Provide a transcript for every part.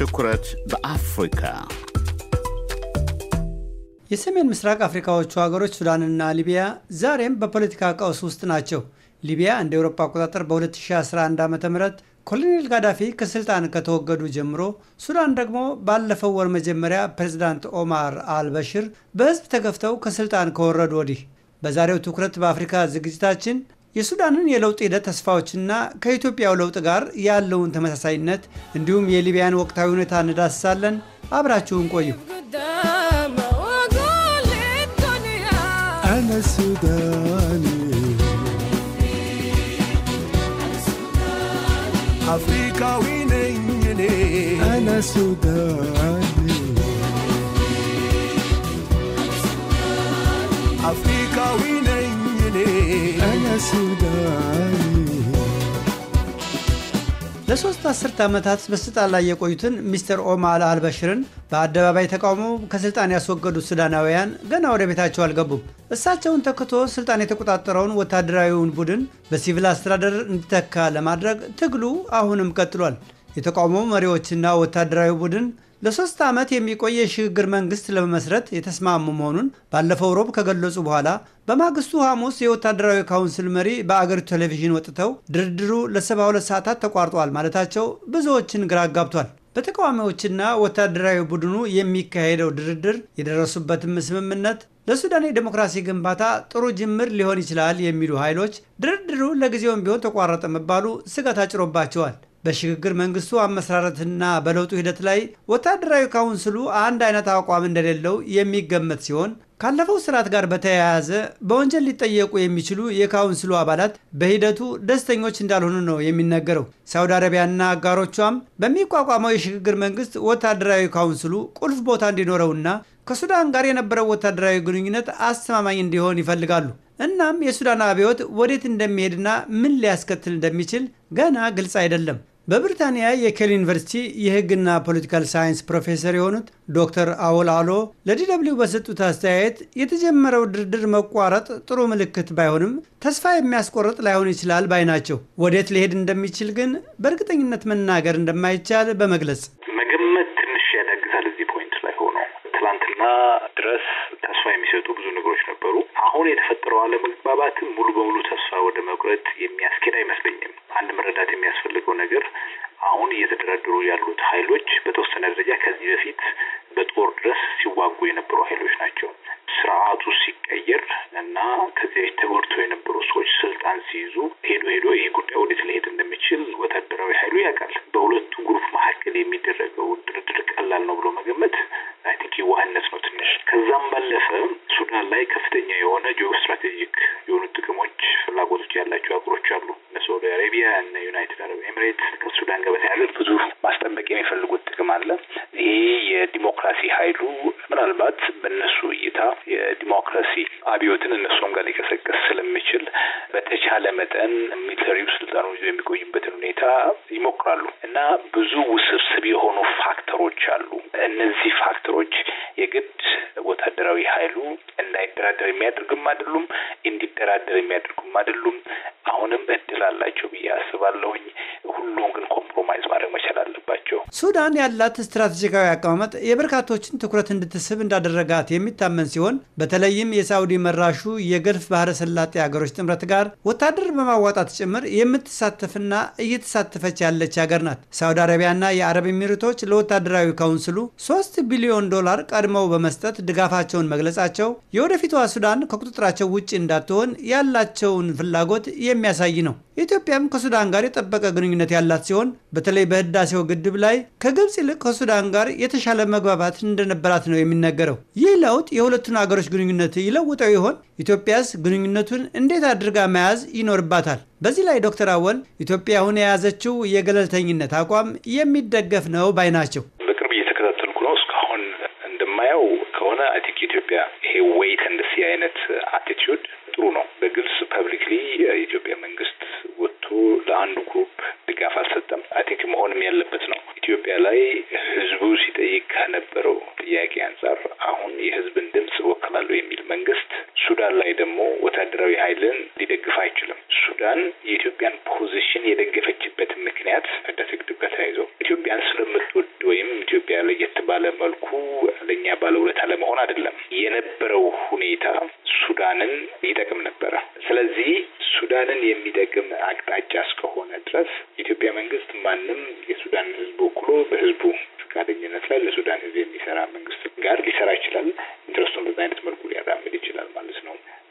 ትኩረት በአፍሪካ የሰሜን ምስራቅ አፍሪካዎቹ ሀገሮች ሱዳንና ሊቢያ ዛሬም በፖለቲካ ቀውስ ውስጥ ናቸው። ሊቢያ እንደ ኤውሮፓ አቆጣጠር በ2011 ዓ ም ኮሎኔል ጋዳፊ ከስልጣን ከተወገዱ ጀምሮ ሱዳን ደግሞ ባለፈው ወር መጀመሪያ ፕሬዚዳንት ኦማር አልበሽር በህዝብ ተገፍተው ከስልጣን ከወረዱ ወዲህ። በዛሬው ትኩረት በአፍሪካ ዝግጅታችን የሱዳንን የለውጥ ሂደት ተስፋዎችና ከኢትዮጵያው ለውጥ ጋር ያለውን ተመሳሳይነት እንዲሁም የሊቢያን ወቅታዊ ሁኔታ እንዳስሳለን። አብራችሁን ቆዩ። አፍሪካዊ ነኝ እኔ አፍሪካዊ ለሶስት አስርት ዓመታት በስልጣን ላይ የቆዩትን ሚስተር ኦማ አልበሽርን በአደባባይ ተቃውሞ ከስልጣን ያስወገዱት ሱዳናውያን ገና ወደ ቤታቸው አልገቡም። እሳቸውን ተክቶ ስልጣን የተቆጣጠረውን ወታደራዊውን ቡድን በሲቪል አስተዳደር እንዲተካ ለማድረግ ትግሉ አሁንም ቀጥሏል። የተቃውሞ መሪዎችና ወታደራዊ ቡድን ለሶስት ዓመት የሚቆይ የሽግግር መንግስት ለመመስረት የተስማሙ መሆኑን ባለፈው ሮብ ከገለጹ በኋላ በማግስቱ ሐሙስ የወታደራዊ ካውንስል መሪ በአገሪቱ ቴሌቪዥን ወጥተው ድርድሩ ለ72 ሰዓታት ተቋርጧል ማለታቸው ብዙዎችን ግራ አጋብቷል። በተቃዋሚዎችና ወታደራዊ ቡድኑ የሚካሄደው ድርድር የደረሱበትም ስምምነት ለሱዳን የዴሞክራሲ ግንባታ ጥሩ ጅምር ሊሆን ይችላል የሚሉ ኃይሎች ድርድሩ ለጊዜውም ቢሆን ተቋረጠ መባሉ ስጋት አጭሮባቸዋል። በሽግግር መንግስቱ አመሰራረትና በለውጡ ሂደት ላይ ወታደራዊ ካውንስሉ አንድ አይነት አቋም እንደሌለው የሚገመት ሲሆን ካለፈው ስርዓት ጋር በተያያዘ በወንጀል ሊጠየቁ የሚችሉ የካውንስሉ አባላት በሂደቱ ደስተኞች እንዳልሆኑ ነው የሚነገረው። ሳውዲ አረቢያና አጋሮቿም በሚቋቋመው የሽግግር መንግስት ወታደራዊ ካውንስሉ ቁልፍ ቦታ እንዲኖረውና ከሱዳን ጋር የነበረው ወታደራዊ ግንኙነት አስተማማኝ እንዲሆን ይፈልጋሉ። እናም የሱዳን አብዮት ወዴት እንደሚሄድና ምን ሊያስከትል እንደሚችል ገና ግልጽ አይደለም። በብሪታንያ የኬል ዩኒቨርሲቲ የሕግና ፖለቲካል ሳይንስ ፕሮፌሰር የሆኑት ዶክተር አውል አሎ ለዲደብሊው በሰጡት አስተያየት የተጀመረው ድርድር መቋረጥ ጥሩ ምልክት ባይሆንም ተስፋ የሚያስቆርጥ ላይሆን ይችላል ባይ ናቸው። ወዴት ሊሄድ እንደሚችል ግን በእርግጠኝነት መናገር እንደማይቻል በመግለጽ መገመት ትንሽ ያዳግታል። እዚህ ፖይንት ላይ ሆኖ ትላንትና ድረስ የሚሰጡ ብዙ ነገሮች ነበሩ። አሁን የተፈጠረው አለመግባባት ሙሉ በሙሉ ተስፋ ወደ መቁረጥ የሚያስኬድ አይመስለኝም። አንድ መረዳት የሚያስፈልገው ነገር አሁን እየተደረደሩ ያሉት ኃይሎች በተወሰነ ደረጃ ከዚህ በፊት በጦር ድረስ ሲዋጉ የነበሩ ኃይሎች ናቸው። ስርዓቱ ሲቀየር እና ከዚህ በፊት ተጎድተው የነበሩ ሰዎች ስልጣን ሲይዙ ሄዶ ሄዶ ይህ ጉዳይ ወዴት ሊሄድ እንደሚችል ወታደራዊ ኃይሉ ያውቃል። በሁለቱ ግሩፕ መካከል የሚደረገው ድርድር ቀላል ነው ብሎ መገመት አይ ቲንክ የዋህነት ነው ትንሽ። ከዛም ባለፈ ሱዳን ላይ ከፍተኛ የሆነ ጂኦ ስትራቴጂክ የሆኑ ጥቅሞች፣ ፍላጎቶች ያላቸው ሀገሮች አሉ። እነ ሳውዲ አረቢያ፣ እነ ዩናይትድ አረብ ኤምሬት ከሱዳን ጋር በተያያዘ ብዙ ማስጠበቅ የሚፈልጉት ጥቅም አለ። ይሄ የዲሞክራሲ ሀይሉ ምናልባት በእነሱ እይታ የዲሞክራሲ አብዮትን እነሱም ጋር ሊቀሰቀስ ስለሚችል በተቻለ መጠን ሚሊተሪው ስልጣኑ ይዞ የሚቆይበትን ሁኔታ ይሞክራሉ እና ብዙ ውስብስብ የሆኑ ፋክተሮች አሉ እነዚህ ፋክተሮች ጉዳዮች የግድ ወታደራዊ ኃይሉ እንዳይደራደር የሚያደርግም አይደሉም፣ እንዲደራደር የሚያደርጉም አይደሉም። አሁንም እድል አላቸው ብዬ አስባለሁኝ። ሁሉም ግን ኮምፕሮማይዝ ማድረግ መቻል አለባቸው። ሱዳን ያላት ስትራቴጂካዊ አቀማመጥ የበርካቶችን ትኩረት እንድትስብ እንዳደረጋት የሚታመን ሲሆን በተለይም የሳውዲ መራሹ የገልፍ ባህረ ሰላጤ ሀገሮች ጥምረት ጋር ወታደር በማዋጣት ጭምር የምትሳተፍና እየተሳተፈች ያለች ሀገር ናት። ሳውዲ አረቢያና የአረብ ኤሚሬቶች ለወታደራዊ ካውንስሉ ሶስት ቢሊዮን ሚሊዮን ዶላር ቀድመው በመስጠት ድጋፋቸውን መግለጻቸው የወደፊቷ ሱዳን ከቁጥጥራቸው ውጭ እንዳትሆን ያላቸውን ፍላጎት የሚያሳይ ነው። ኢትዮጵያም ከሱዳን ጋር የጠበቀ ግንኙነት ያላት ሲሆን በተለይ በህዳሴው ግድብ ላይ ከግብፅ ይልቅ ከሱዳን ጋር የተሻለ መግባባት እንደነበራት ነው የሚነገረው። ይህ ለውጥ የሁለቱን አገሮች ግንኙነት ይለውጠው ይሆን? ኢትዮጵያስ ግንኙነቱን እንዴት አድርጋ መያዝ ይኖርባታል? በዚህ ላይ ዶክተር አወል ኢትዮጵያ አሁን የያዘችው የገለልተኝነት አቋም የሚደገፍ ነው ባይ ናቸው። genetic Yeah, he wait and see in its attitude. መሆን አይደለም። የነበረው ሁኔታ ሱዳንን ይጠቅም ነበረ። ስለዚህ ሱዳንን የሚጠቅም አቅጣጫ እስከሆነ ድረስ የኢትዮጵያ መንግስት ማንም የሱዳን ህዝብ ወክሎ በህዝቡ ፈቃደኝነት ላይ ለሱዳን ህዝብ የሚሰራ መንግስት ጋር ሊሰራ ይችላል። ኢንትረስቱን በዛ አይነት መልኩ ሊያራምድ ይችላል ማለት ነው።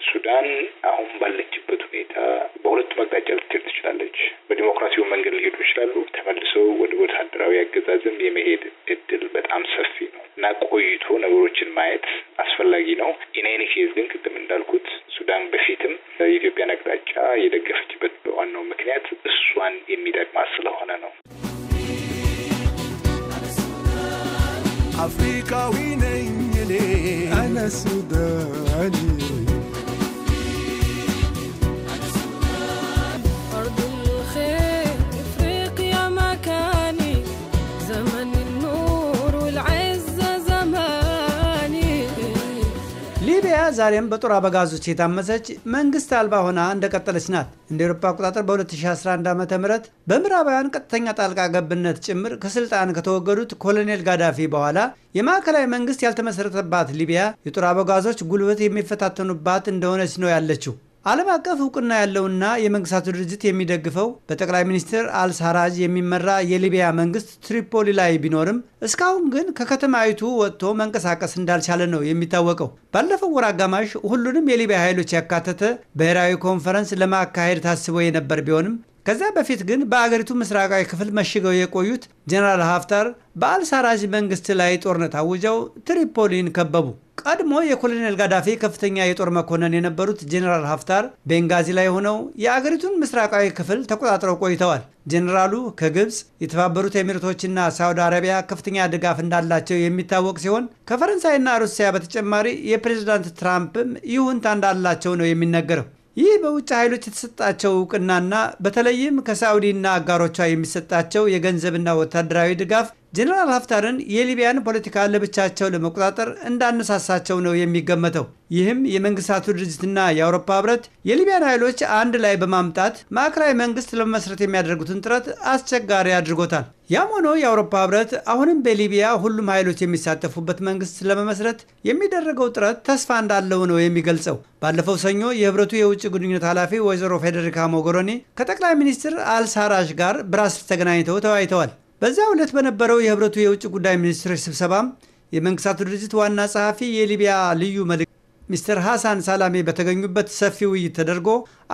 ሱዳን አሁን ባለችበት ሁኔታ በሁለቱም አቅጣጫ ልትሄድ ትችላለች። በዲሞክራሲው መንገድ ሊሄዱ ይችላሉ። ተመልሰው ወደ ወታደራዊ አገዛዝም የመሄድ እድል በጣም ሰፊ ነው እና ቆይቶ ነገሮችን ማየት አስፈላጊ ነው። ኢናይኒ ኬዝ ግን ቅድም እንዳልኩት ሱዳን በፊትም የኢትዮጵያን አቅጣጫ የደገፈችበት በዋናው ምክንያት እሷን የሚጠቅማ ስለሆነ ነው። አፍሪካዊ ነኝ እኔ አነሱዳኒ ዛሬም በጦር አበጋዞች የታመሰች መንግስት አልባ ሆና እንደቀጠለች ናት። እንደ ኤሮፓ አቆጣጠር በ2011 ዓ ም በምዕራባውያን ቀጥተኛ ጣልቃ ገብነት ጭምር ከስልጣን ከተወገዱት ኮሎኔል ጋዳፊ በኋላ የማዕከላዊ መንግስት ያልተመሰረተባት ሊቢያ የጦር አበጋዞች ጉልበት የሚፈታተኑባት እንደሆነች ነው ያለችው። ዓለም አቀፍ እውቅና ያለውና የመንግስታቱ ድርጅት የሚደግፈው በጠቅላይ ሚኒስትር አልሳራጅ የሚመራ የሊቢያ መንግስት ትሪፖሊ ላይ ቢኖርም እስካሁን ግን ከከተማይቱ ወጥቶ መንቀሳቀስ እንዳልቻለ ነው የሚታወቀው። ባለፈው ወር አጋማሽ ሁሉንም የሊቢያ ኃይሎች ያካተተ ብሔራዊ ኮንፈረንስ ለማካሄድ ታስቦ የነበር ቢሆንም ከዛ በፊት ግን በአገሪቱ ምስራቃዊ ክፍል መሽገው የቆዩት ጀነራል ሀፍታር በአልሳራዥ መንግስት ላይ ጦርነት አውጀው ትሪፖሊን ከበቡ። ቀድሞ የኮሎኔል ጋዳፊ ከፍተኛ የጦር መኮንን የነበሩት ጀኔራል ሀፍታር ቤንጋዚ ላይ ሆነው የአገሪቱን ምስራቃዊ ክፍል ተቆጣጥረው ቆይተዋል። ጀኔራሉ ከግብፅ፣ የተባበሩት ኤሚሬቶችና ሳውዲ አረቢያ ከፍተኛ ድጋፍ እንዳላቸው የሚታወቅ ሲሆን ከፈረንሳይና ሩሲያ በተጨማሪ የፕሬዝዳንት ትራምፕም ይሁንታ እንዳላቸው ነው የሚነገረው። ይህ በውጭ ኃይሎች የተሰጣቸው እውቅናና በተለይም ከሳዑዲና አጋሮቿ የሚሰጣቸው የገንዘብና ወታደራዊ ድጋፍ ጀኔራል ሀፍታርን የሊቢያን ፖለቲካ ለብቻቸው ለመቆጣጠር እንዳነሳሳቸው ነው የሚገመተው። ይህም የመንግስታቱ ድርጅትና የአውሮፓ ህብረት የሊቢያን ኃይሎች አንድ ላይ በማምጣት ማዕከላዊ መንግስት ለመመስረት የሚያደርጉትን ጥረት አስቸጋሪ አድርጎታል። ያም ሆኖ የአውሮፓ ህብረት አሁንም በሊቢያ ሁሉም ኃይሎች የሚሳተፉበት መንግስት ለመመስረት የሚደረገው ጥረት ተስፋ እንዳለው ነው የሚገልጸው። ባለፈው ሰኞ የህብረቱ የውጭ ግንኙነት ኃላፊ ወይዘሮ ፌዴሪካ ሞጎሮኒ ከጠቅላይ ሚኒስትር አልሳራሽ ጋር ብራስልስ ተገናኝተው ተወያይተዋል። በዚያ ዕለት በነበረው የህብረቱ የውጭ ጉዳይ ሚኒስትሮች ስብሰባም የመንግስታቱ ድርጅት ዋና ጸሐፊ የሊቢያ ልዩ መልክ ሚስተር ሐሳን ሳላሜ በተገኙበት ሰፊ ውይይት ተደርጎ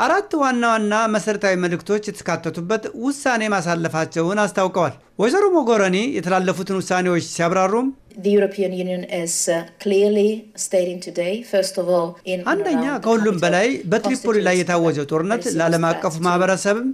አራት ዋና ዋና መሠረታዊ መልእክቶች የተካተቱበት ውሳኔ ማሳለፋቸውን አስታውቀዋል። ወይዘሮ ሞጎረኒ የተላለፉትን ውሳኔዎች ሲያብራሩም Uh, አንደኛ ከሁሉም በላይ በትሪፖሊ ላይ የታወጀው ጦርነት ለዓለም አቀፉ ማህበረሰብም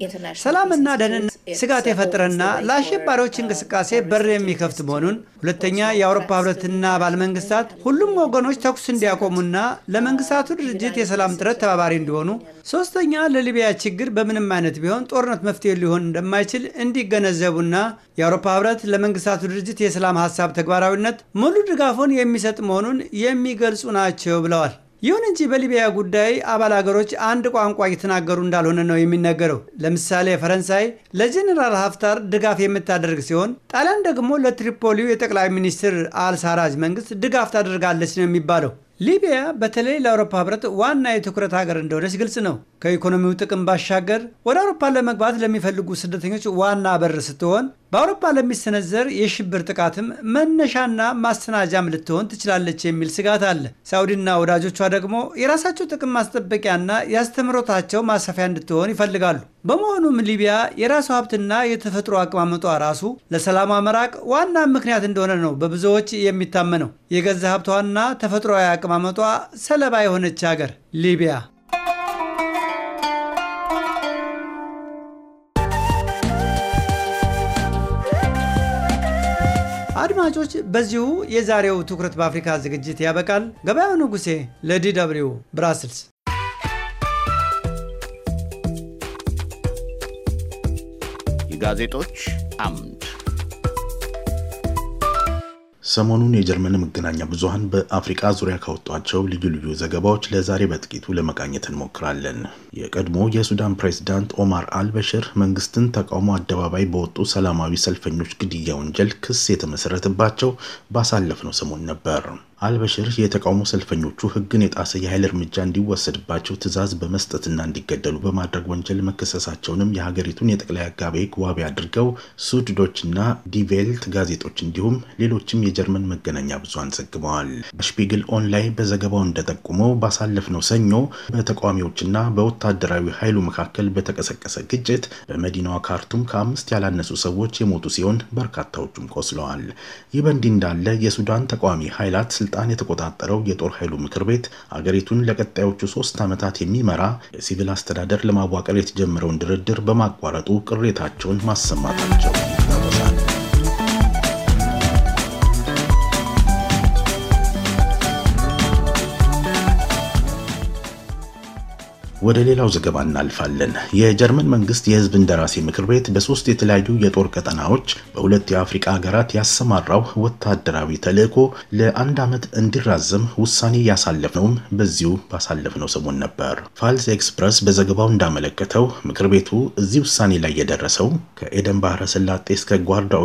ሰላምና ደህንነት ስጋት የፈጠረና ለአሸባሪዎች uh, እንቅስቃሴ በር የሚከፍት መሆኑን፣ ሁለተኛ የአውሮፓ ህብረትና ባለመንግስታት መንግስታት ሁሉም ወገኖች ተኩስ እንዲያቆሙና ለመንግስታቱ ድርጅት የሰላም ጥረት ተባባሪ እንዲሆኑ፣ ሶስተኛ ለሊቢያ ችግር በምንም አይነት ቢሆን ጦርነት መፍትሄ ሊሆን እንደማይችል እንዲገነዘቡና የአውሮፓ ህብረት ለመንግስታቱ ድርጅት የሰላም ሀሳብ ተግባራዊነት ስምምነት ሙሉ ድጋፉን የሚሰጥ መሆኑን የሚገልጹ ናቸው ብለዋል። ይሁን እንጂ በሊቢያ ጉዳይ አባል ሀገሮች አንድ ቋንቋ እየተናገሩ እንዳልሆነ ነው የሚነገረው። ለምሳሌ ፈረንሳይ ለጀኔራል ሀፍታር ድጋፍ የምታደርግ ሲሆን፣ ጣሊያን ደግሞ ለትሪፖሊው የጠቅላይ ሚኒስትር አልሳራጅ መንግስት ድጋፍ ታደርጋለች ነው የሚባለው። ሊቢያ በተለይ ለአውሮፓ ህብረት ዋና የትኩረት ሀገር እንደሆነች ግልጽ ነው። ከኢኮኖሚው ጥቅም ባሻገር ወደ አውሮፓ ለመግባት ለሚፈልጉ ስደተኞች ዋና በር ስትሆን በአውሮፓ ለሚሰነዘር የሽብር ጥቃትም መነሻና ማሰናጃም ልትሆን ትችላለች የሚል ስጋት አለ። ሳውዲና ወዳጆቿ ደግሞ የራሳቸው ጥቅም ማስጠበቂያና የአስተምህሮታቸው ማሰፊያ እንድትሆን ይፈልጋሉ። በመሆኑም ሊቢያ የራሱ ሀብትና የተፈጥሮ አቀማመጧ ራሱ ለሰላም መራቅ ዋና ምክንያት እንደሆነ ነው በብዙዎች የሚታመነው። የገዛ ሀብቷና ተፈጥሯዊ አቀማመጧ ሰለባ የሆነች ሀገር ሊቢያ አድማጮች፣ በዚሁ የዛሬው ትኩረት በአፍሪካ ዝግጅት ያበቃል። ገበያው ንጉሴ ለዲ ብራስልስ። ጋዜጦች አምድ ሰሞኑን የጀርመን መገናኛ ብዙሀን በአፍሪቃ ዙሪያ ካወጧቸው ልዩ ልዩ ዘገባዎች ለዛሬ በጥቂቱ ለመቃኘት እንሞክራለን። የቀድሞ የሱዳን ፕሬዝዳንት ኦማር አልበሽር መንግስትን ተቃውሞ አደባባይ በወጡ ሰላማዊ ሰልፈኞች ግድያ ወንጀል ክስ የተመሰረተባቸው ባሳለፍነው ሰሞን ነበር። አልበሽር የተቃውሞ ሰልፈኞቹ ህግን የጣሰ የኃይል እርምጃ እንዲወሰድባቸው ትዕዛዝ በመስጠትና እንዲገደሉ በማድረግ ወንጀል መከሰሳቸውንም የሀገሪቱን የጠቅላይ አጋቤ ዋቢ አድርገው ሱድዶችና ዲቬልት ጋዜጦች እንዲሁም ሌሎችም የጀርመን መገናኛ ብዙሃን ዘግበዋል። ሽፒግል ኦንላይን በዘገባው እንደጠቁመው ባሳለፍነው ሰኞ በተቃዋሚዎችና በወታደራዊ ኃይሉ መካከል በተቀሰቀሰ ግጭት በመዲናዋ ካርቱም ከአምስት ያላነሱ ሰዎች የሞቱ ሲሆን በርካታዎቹም ቆስለዋል። ይህ በእንዲህ እንዳለ የሱዳን ተቃዋሚ ኃይላት ስልጣን የተቆጣጠረው የጦር ኃይሉ ምክር ቤት አገሪቱን ለቀጣዮቹ ሶስት ዓመታት የሚመራ የሲቪል አስተዳደር ለማዋቀር የተጀመረውን ድርድር በማቋረጡ ቅሬታቸውን ማሰማታቸው ወደ ሌላው ዘገባ እናልፋለን። የጀርመን መንግስት የህዝብ እንደራሴ ምክር ቤት በሶስት የተለያዩ የጦር ቀጠናዎች በሁለት የአፍሪቃ ሀገራት ያሰማራው ወታደራዊ ተልእኮ ለአንድ ዓመት እንዲራዘም ውሳኔ ያሳለፍነውም በዚሁ ባሳለፍነው ሰሞን ነበር። ፋልስ ኤክስፕረስ በዘገባው እንዳመለከተው ምክር ቤቱ እዚህ ውሳኔ ላይ የደረሰው ከኤደን ባህረ ስላጤ እስከ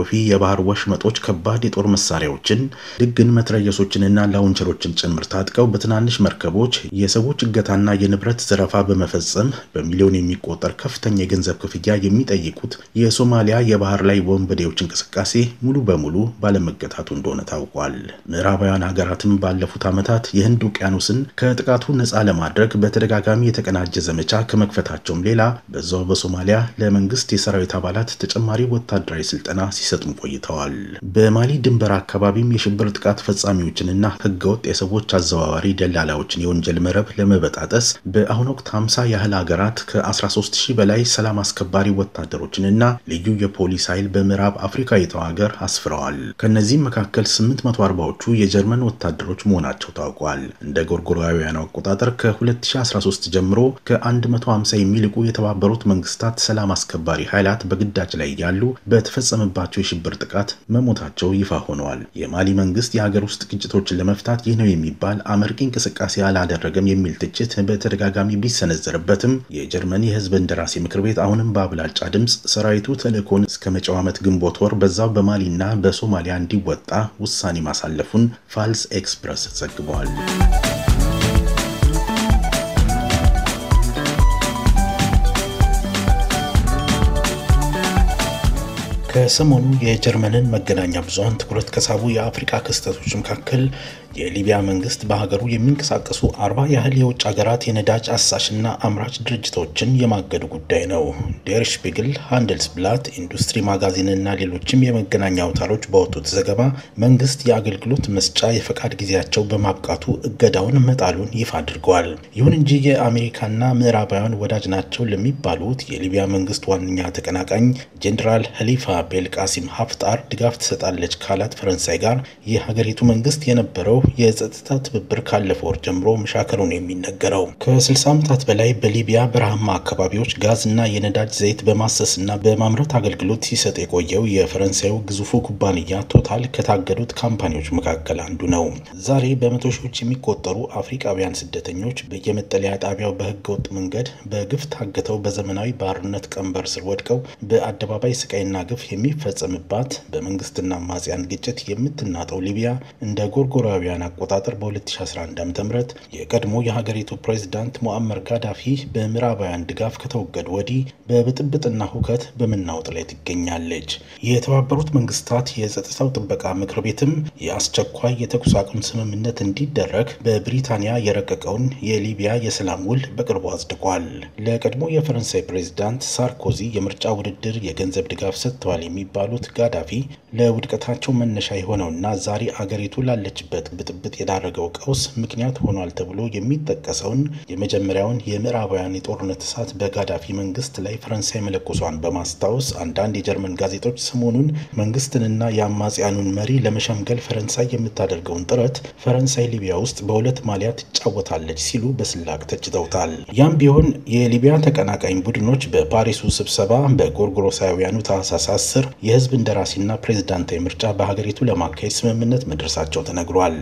ኦፊ የባህር ወሽመጦች ከባድ የጦር መሳሪያዎችን፣ ድግን መትረየሶችንና ላውንቸሮችን ጭምር ታጥቀው በትናንሽ መርከቦች የሰዎች እገታና የንብረት ዘረፋ በመፈጸም በሚሊዮን የሚቆጠር ከፍተኛ የገንዘብ ክፍያ የሚጠይቁት የሶማሊያ የባህር ላይ ወንበዴዎች እንቅስቃሴ ሙሉ በሙሉ ባለመገታቱ እንደሆነ ታውቋል። ምዕራባውያን ሀገራትም ባለፉት ዓመታት የህንድ ውቅያኖስን ከጥቃቱ ነፃ ለማድረግ በተደጋጋሚ የተቀናጀ ዘመቻ ከመክፈታቸውም ሌላ በዛው በሶማሊያ ለመንግስት የሰራዊት አባላት ተጨማሪ ወታደራዊ ስልጠና ሲሰጡም ቆይተዋል። በማሊ ድንበር አካባቢም የሽብር ጥቃት ፈጻሚዎችንና ህገወጥ የሰዎች አዘዋዋሪ ደላላዎችን የወንጀል መረብ ለመበጣጠስ በአሁኑ ወቅት 50 ያህል ሀገራት ከ13 ሺህ በላይ ሰላም አስከባሪ ወታደሮችንና ልዩ የፖሊስ ኃይል በምዕራብ አፍሪካዊቷ ሀገር አስፍረዋል። ከእነዚህም መካከል 840ዎቹ የጀርመን ወታደሮች መሆናቸው ታውቋል። እንደ ጎርጎሮያውያኑ አቆጣጠር ከ2013 ጀምሮ ከ150 የሚልቁ የተባበሩት መንግስታት ሰላም አስከባሪ ኃይላት በግዳጅ ላይ ያሉ በተፈጸመባቸው የሽብር ጥቃት መሞታቸው ይፋ ሆነዋል። የማሊ መንግስት የሀገር ውስጥ ግጭቶችን ለመፍታት ይህ ነው የሚባል አመርቂ እንቅስቃሴ አላደረገም የሚል ትችት በተደጋጋሚ ቢሰ ቢሰነዘርበትም የጀርመን የህዝብ እንደራሴ ምክር ቤት አሁንም በአብላጫ ድምፅ ሰራዊቱ ተልእኮን እስከ መጪው ዓመት ግንቦት ወር በዛው በማሊና በሶማሊያ እንዲወጣ ውሳኔ ማሳለፉን ፋልስ ኤክስፕረስ ዘግቧል። ከሰሞኑ የጀርመንን መገናኛ ብዙሀን ትኩረት ከሳቡ የአፍሪቃ ክስተቶች መካከል የሊቢያ መንግስት በሀገሩ የሚንቀሳቀሱ አርባ ያህል የውጭ ሀገራት የነዳጅ አሳሽና አምራች ድርጅቶችን የማገዱ ጉዳይ ነው። ዴርሽ ቢግል፣ ሃንደልስ ብላት፣ ኢንዱስትሪ ማጋዚንና ሌሎችም የመገናኛ አውታሮች በወጡት ዘገባ መንግስት የአገልግሎት መስጫ የፈቃድ ጊዜያቸው በማብቃቱ እገዳውን መጣሉን ይፋ አድርገዋል። ይሁን እንጂ የአሜሪካና ምዕራባውያን ወዳጅ ናቸው ለሚባሉት የሊቢያ መንግስት ዋነኛ ተቀናቃኝ ጄኔራል ሀሊፋ ቃሲም ሀፍጣር ድጋፍ ትሰጣለች ካላት ፈረንሳይ ጋር የሀገሪቱ መንግስት የነበረው የጸጥታ ትብብር ካለፈው ወር ጀምሮ መሻከሉን የሚነገረው ከ60 ዓመታት በላይ በሊቢያ በረሃማ አካባቢዎች ጋዝና የነዳጅ ዘይት በማሰስና በማምረት አገልግሎት ሲሰጥ የቆየው የፈረንሳዩ ግዙፉ ኩባንያ ቶታል ከታገዱት ካምፓኒዎች መካከል አንዱ ነው። ዛሬ በመቶ ሺዎች የሚቆጠሩ አፍሪቃውያን ስደተኞች በየመጠለያ ጣቢያው በህገወጥ መንገድ በግፍ ታግተው በዘመናዊ ባርነት ቀንበር ስር ወድቀው በአደባባይ ስቃይና ግፍ የሚፈጸምባት በመንግስትና አማጽያን ግጭት የምትናጠው ሊቢያ እንደ ጎርጎራውያን አቆጣጠር በ2011 ዓ ም የቀድሞ የሀገሪቱ ፕሬዚዳንት ሞአመር ጋዳፊ በምዕራባውያን ድጋፍ ከተወገዱ ወዲህ በብጥብጥና ሁከት በመናወጥ ላይ ትገኛለች። የተባበሩት መንግስታት የጸጥታው ጥበቃ ምክር ቤትም የአስቸኳይ የተኩስ አቁም ስምምነት እንዲደረግ በብሪታንያ የረቀቀውን የሊቢያ የሰላም ውል በቅርቡ አጽድቋል። ለቀድሞ የፈረንሳይ ፕሬዚዳንት ሳርኮዚ የምርጫ ውድድር የገንዘብ ድጋፍ ሰጥተዋል የሚባሉት ጋዳፊ ለውድቀታቸው መነሻ የሆነውና ዛሬ አገሪቱ ላለችበት ብጥብጥ የዳረገው ቀውስ ምክንያት ሆኗል ተብሎ የሚጠቀሰውን የመጀመሪያውን የምዕራባውያን የጦርነት እሳት በጋዳፊ መንግስት ላይ ፈረንሳይ መለኮሷን በማስታወስ አንዳንድ የጀርመን ጋዜጦች ሰሞኑን መንግስትንና የአማጽያኑን መሪ ለመሸምገል ፈረንሳይ የምታደርገውን ጥረት ፈረንሳይ ሊቢያ ውስጥ በሁለት ማሊያ ትጫወታለች ሲሉ በስላቅ ተችተውታል። ያም ቢሆን የሊቢያ ተቀናቃኝ ቡድኖች በፓሪሱ ስብሰባ በጎርጎሮሳውያኑ ታህሳስ 2010 የህዝብ እንደራሴና ፕሬዝዳንታዊ ምርጫ በሀገሪቱ ለማካሄድ ስምምነት መድረሳቸው ተነግሯል።